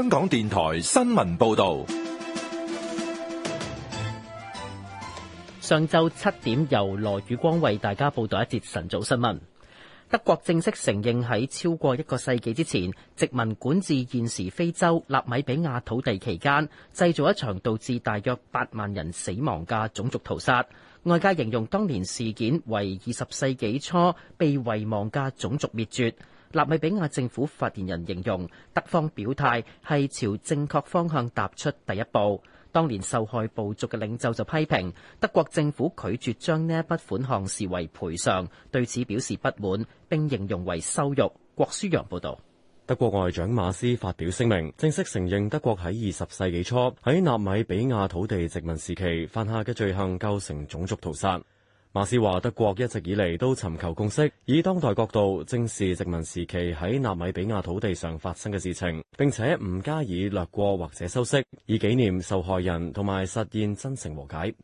香港電台新聞報道，上晝七點由羅宇光為大家報道一節晨早新聞。德國正式承認喺超過一個世紀之前，殖民管治現時非洲納米比亞土地期間，製造一場導致大約八萬人死亡嘅種族屠殺。外界形容當年事件為二十世紀初被遺忘嘅種族滅絕。納米比亞政府發言人形容德方表態係朝正確方向踏出第一步。當年受害部族嘅領袖就批評德國政府拒絕將呢一筆款項視為賠償，對此表示不滿，並形容為羞辱。郭舒洋報道，德國外長馬斯發表聲明，正式承認德國喺二十世紀初喺納米比亞土地殖民時期犯下嘅罪行，構成種族屠殺。馬斯話：德國一直以嚟都尋求共識，以當代角度，正視殖民時期喺納米比亞土地上發生嘅事情，並且唔加以掠過或者修飾，以紀念受害人同埋實現真誠和解。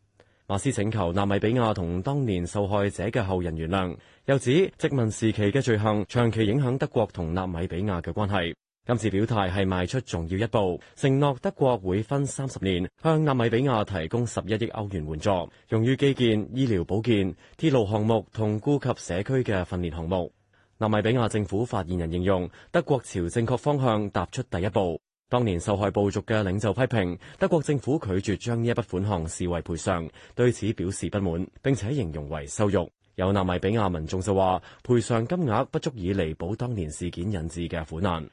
馬斯請求納米比亞同當年受害者嘅後人原諒，又指殖民時期嘅罪行長期影響德國同納米比亞嘅關係。今次表態係邁出重要一步，承諾德國會分三十年向納米比亞提供十一億歐元援助，用於基建、醫療保健、鐵路項目同顧及社區嘅訓練項目。納米比亞政府發言人形容德國朝正確方向踏出第一步。當年受害部族嘅領袖批評德國政府拒絕將呢一筆款項視為賠償，對此表示不滿，並且形容為羞辱。有納米比亞民眾就話賠償金額不足以彌補當年事件引致嘅苦難。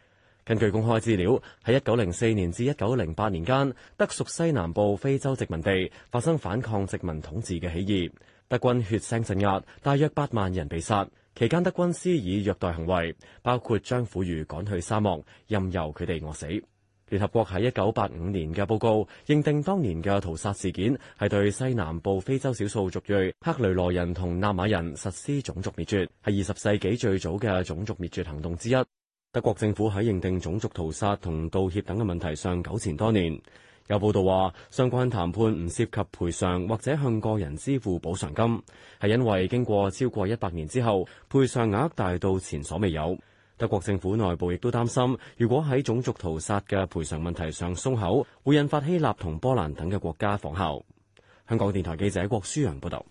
根據公開資料，喺一九零四年至一九零八年間，德屬西南部非洲殖民地發生反抗殖民統治嘅起義，德軍血腥鎮壓，大約八萬人被殺。期間德軍施以虐待行為，包括將婦孺趕去沙漠，任由佢哋餓死。聯合國喺一九八五年嘅報告認定，當年嘅屠殺事件係對西南部非洲少數族裔赫雷羅人同納馬人實施種族滅絕，係二十世紀最早嘅種族滅絕行動之一。德國政府喺認定種族屠殺同道歉等嘅問題上糾纏多年。有報道話，相關談判唔涉及賠償或者向個人支付補償金，係因為經過超過一百年之後，賠償額大到前所未有。德國政府內部亦都擔心，如果喺種族屠殺嘅賠償問題上鬆口，會引發希臘同波蘭等嘅國家仿效。香港電台記者郭舒陽報道。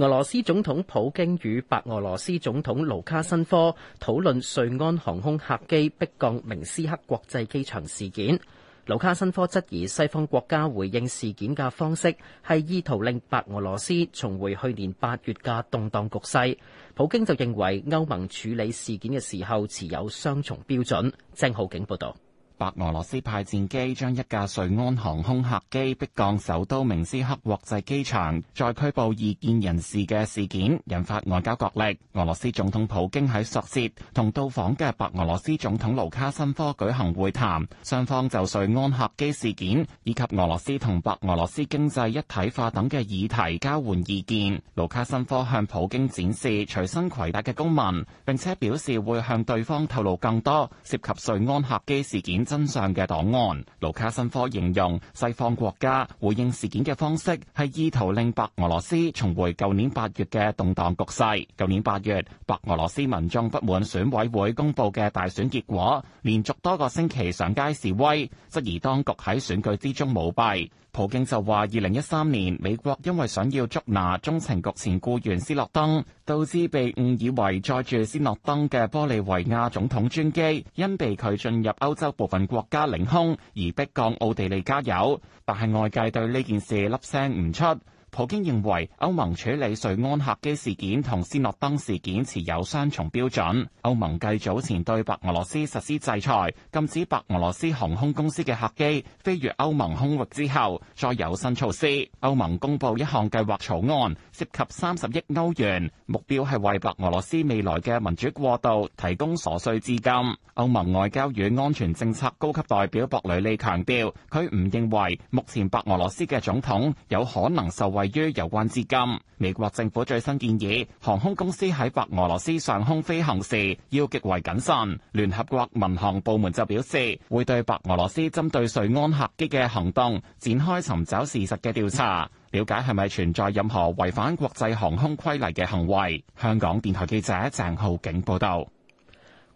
俄羅斯總統普京與白俄羅斯總統盧卡申科討論瑞安航空客機迫降明斯克國際機場事件。盧卡申科質疑西方國家回應事件嘅方式係意圖令白俄羅斯重回去年八月嘅動盪局勢。普京就認為歐盟處理事件嘅時候持有雙重標準。鄭浩景報道。白俄羅斯派戰機將一架瑞安航空客機迫降首都明斯克國際機場，再拘捕異見人士嘅事件引發外交角力。俄羅斯總統普京喺索契同到訪嘅白俄羅斯總統盧卡申科舉行會談，雙方就瑞安客機事件以及俄羅斯同白俄羅斯經濟一體化等嘅議題交換意見。盧卡申科向普京展示隨身攜帶嘅公文，並且表示會向對方透露更多涉及瑞安客機事件真相嘅檔案，盧卡申科形容西方國家回應事件嘅方式係意圖令白俄羅斯重回舊年八月嘅動盪局勢。舊年八月，白俄羅斯民眾不滿選委會公布嘅大選結果，連續多個星期上街示威，質疑當局喺選舉之中舞弊。普京就話：二零一三年美國因為想要捉拿中情局前僱員斯諾登，導致被誤以為載住斯諾登嘅玻利維亞總統專機，因被拒進入歐洲部分國家領空而逼降奧地利加油，但係外界對呢件事粒聲唔出。普京認為歐盟處理瑞安客機事件同斯諾登事件持有雙重標準。歐盟繼早前對白俄羅斯實施制裁，禁止白俄羅斯航空公司嘅客機飛越歐盟空域之後，再有新措施。歐盟公布一項計劃草案，涉及三十億歐元，目標係為白俄羅斯未來嘅民主過渡提供所需資金。歐盟外交與安全政策高級代表博雷利強調，佢唔認為目前白俄羅斯嘅總統有可能受惠。位於有關資金，美國政府最新建議航空公司喺白俄羅斯上空飛行時要極為謹慎。聯合國民航部門就表示，會對白俄羅斯針對瑞安客機嘅行動展開尋找事實嘅調查，了解係咪存在任何違反國際航空規例嘅行為。香港電台記者鄭浩景報道。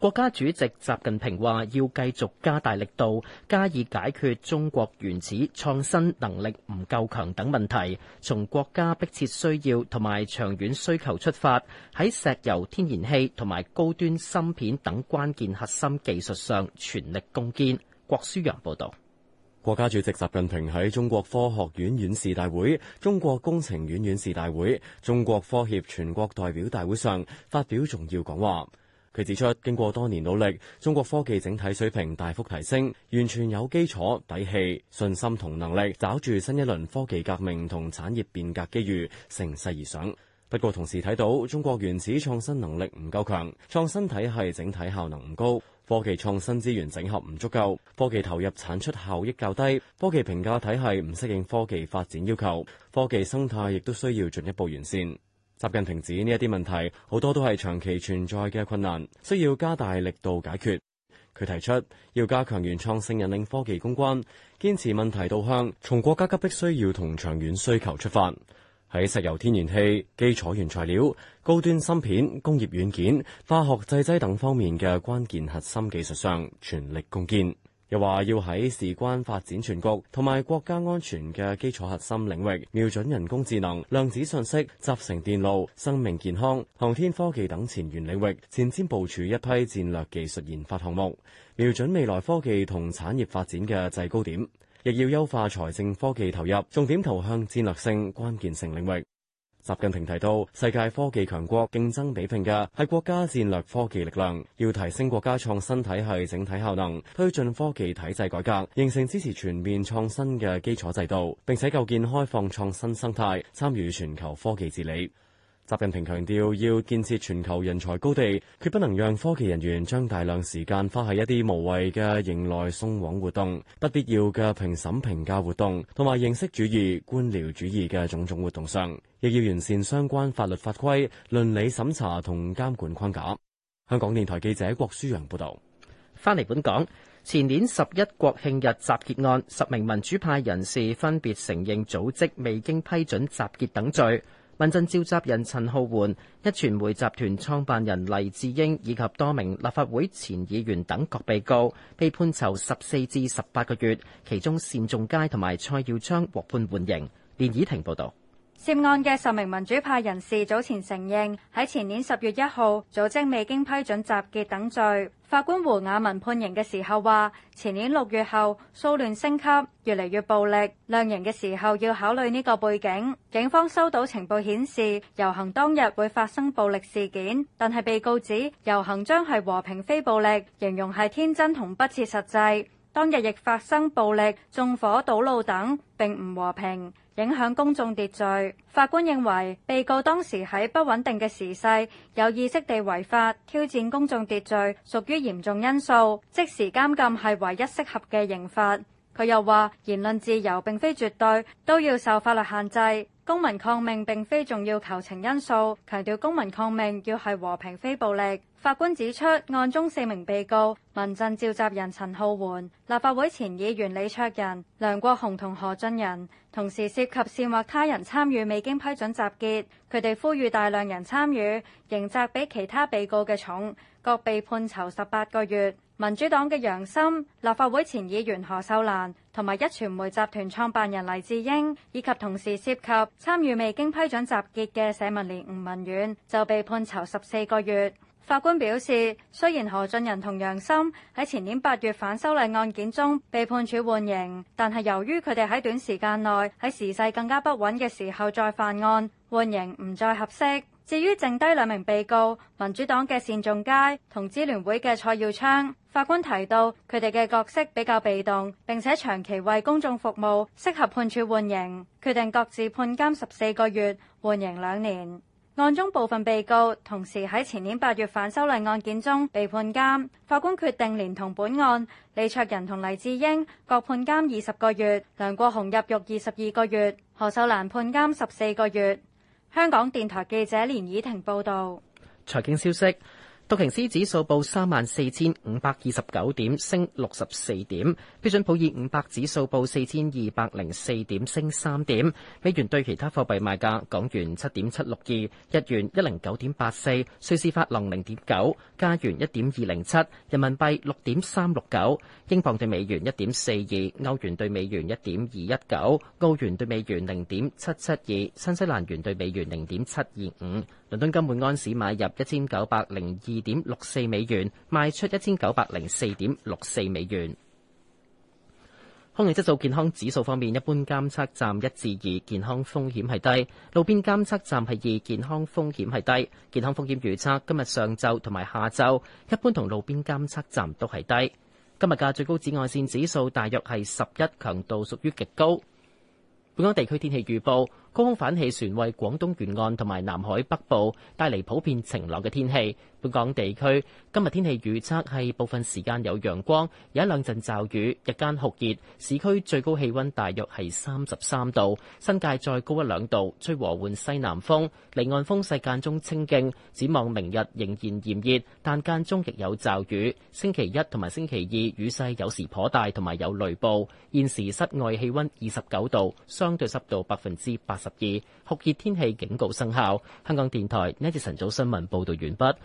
國家主席習近平話：要繼續加大力度，加以解決中國原始創新能力唔夠強等問題，從國家迫切需要同埋長遠需求出發，喺石油、天然氣同埋高端芯片等關鍵核心技術上全力攻堅。郭舒陽報導。國家主席習近平喺中國科學院院士大會、中國工程院院士大會、中國科協全國代表大會上發表重要講話。佢指出，經過多年努力，中國科技整體水平大幅提升，完全有基礎底氣信心同能力，抓住新一輪科技革命同產業變革機遇，乘勢而上。不過同時睇到，中國原始創新能力唔夠強，創新體系整體效能唔高，科技創新資源整合唔足夠，科技投入產出效益較低，科技評價體系唔適應科技發展要求，科技生態亦都需要進一步完善。習近平指呢一啲問題，好多都係長期存在嘅困難，需要加大力度解決。佢提出要加強原創性引領科技攻關，堅持問題導向，從國家急迫需要同長遠需求出發，喺石油、天然氣、基礎原材料、高端芯片、工業軟件、化學製劑等方面嘅關鍵核心技術上，全力共建。又話要喺事關發展全局同埋國家安全嘅基礎核心領域，瞄準人工智能、量子信息、集成電路、生命健康、航天科技等前沿領域，前瞻部署一批戰略技術研發項目，瞄準未來科技同產業發展嘅制高點，亦要優化財政科技投入，重點投向戰略性、關鍵性領域。習近平提到，世界科技強國競爭比拼嘅係國家戰略科技力量，要提升國家創新體系整體效能，推進科技體制改革，形成支持全面創新嘅基礎制度，並且構建開放創新生態，參與全球科技治理。習近平強調，要建設全球人才高地，決不能讓科技人員將大量時間花喺一啲無謂嘅迎來送往活動、不必要嘅評審評價活動同埋形式主義、官僚主義嘅種種活動上。亦要完善相關法律法規、倫理審查同監管框架。香港電台記者郭舒陽報道。翻嚟本港，前年十一國慶日集結案，十名民主派人士分別承認組織未經批准集結等罪。民陣召集人陳浩煥、壹傳媒集團創辦人黎智英以及多名立法會前議員等各被告被判囚十四至十八個月，其中單仲佳同埋蔡耀昌獲判緩刑。連綺婷報道。涉案嘅十名民主派人士早前承認喺前年十月一號組織未經批准集結等罪。法官胡雅文判刑嘅時候話，前年六月後騷亂升級，越嚟越暴力。量刑嘅時候要考慮呢個背景。警方收到情報顯示，遊行當日會發生暴力事件，但係被告指遊行將係和平非暴力，形容係天真同不切實際。當日亦發生暴力縱火、堵路等，並唔和平。影響公眾秩序，法官認為被告當時喺不穩定嘅時勢，有意識地違法挑戰公眾秩序，屬於嚴重因素，即時監禁係唯一適合嘅刑法。佢又話：言論自由並非絕對，都要受法律限制。公民抗命並非重要求情因素，強調公民抗命要係和平非暴力。法官指出，案中四名被告，民陣召集人陳浩桓、立法會前議員李卓人、梁國雄同何俊仁，同時涉及煽惑他人參與未經批准集結，佢哋呼籲大量人參與，刑責比其他被告嘅重，各被判囚十八個月。民主黨嘅楊森、立法會前議員何秀蘭，同埋壹傳媒集團創辦人黎智英，以及同時涉及參與未經批准集結嘅社民連吳文遠，就被判囚十四個月。法官表示，雖然何俊仁同楊森喺前年八月反修例案件中被判處緩刑，但係由於佢哋喺短時間內喺時勢更加不穩嘅時候再犯案，緩刑唔再合適。至於剩低兩名被告，民主黨嘅單仲偕同支聯會嘅蔡耀昌，法官提到佢哋嘅角色比較被動，並且長期為公眾服務，適合判處緩刑，決定各自判監十四個月，緩刑兩年。案中部分被告同時喺前年八月反修例案件中被判監，法官決定連同本案，李卓人同黎智英各判監二十個月，梁國雄入獄二十二個月，何秀蘭判監十四個月。香港電台記者連以婷報道。財經消息。道瓊斯指數報三萬四千五百二十九點，升六十四點。標準普爾五百指數報四千二百零四點，升三點。美元對其他貨幣賣價：港元七點七六二，日元一零九點八四，瑞士法郎零點九，加元一點二零七，人民幣六點三六九，英鎊對美元一點四二，歐元對美元一點二一九，澳元對美元零點七七二，新西蘭元對美元零點七二五。倫敦金每安士買入一千九百零二。二點六四美元賣出一千九百零四點六四美元。空氣質素健康指數方面，一般監測站一至二，健康風險係低；路邊監測站係二，健康風險係低。健康風險預測今日上晝同埋下晝，一般同路邊監測站都係低。今日嘅最高紫外線指數大約係十一，強度屬於極高。本港地區天氣預報。高空反氣旋為廣東沿岸同埋南海北部帶嚟普遍晴朗嘅天氣。本港地區今日天氣預測係部分時間有陽光，有一兩陣驟雨，日間酷熱，市區最高氣溫大約係三十三度，新界再高一兩度，吹和緩西南風，離岸風勢間中清勁，展望明日仍然炎熱，但間中亦有驟雨。星期一同埋星期二雨勢有時頗大，同埋有雷暴。現時室外氣溫二十九度，相對濕度百分之八十。十二酷熱天氣警告生效。香港電台呢一節晨早新聞報道完畢。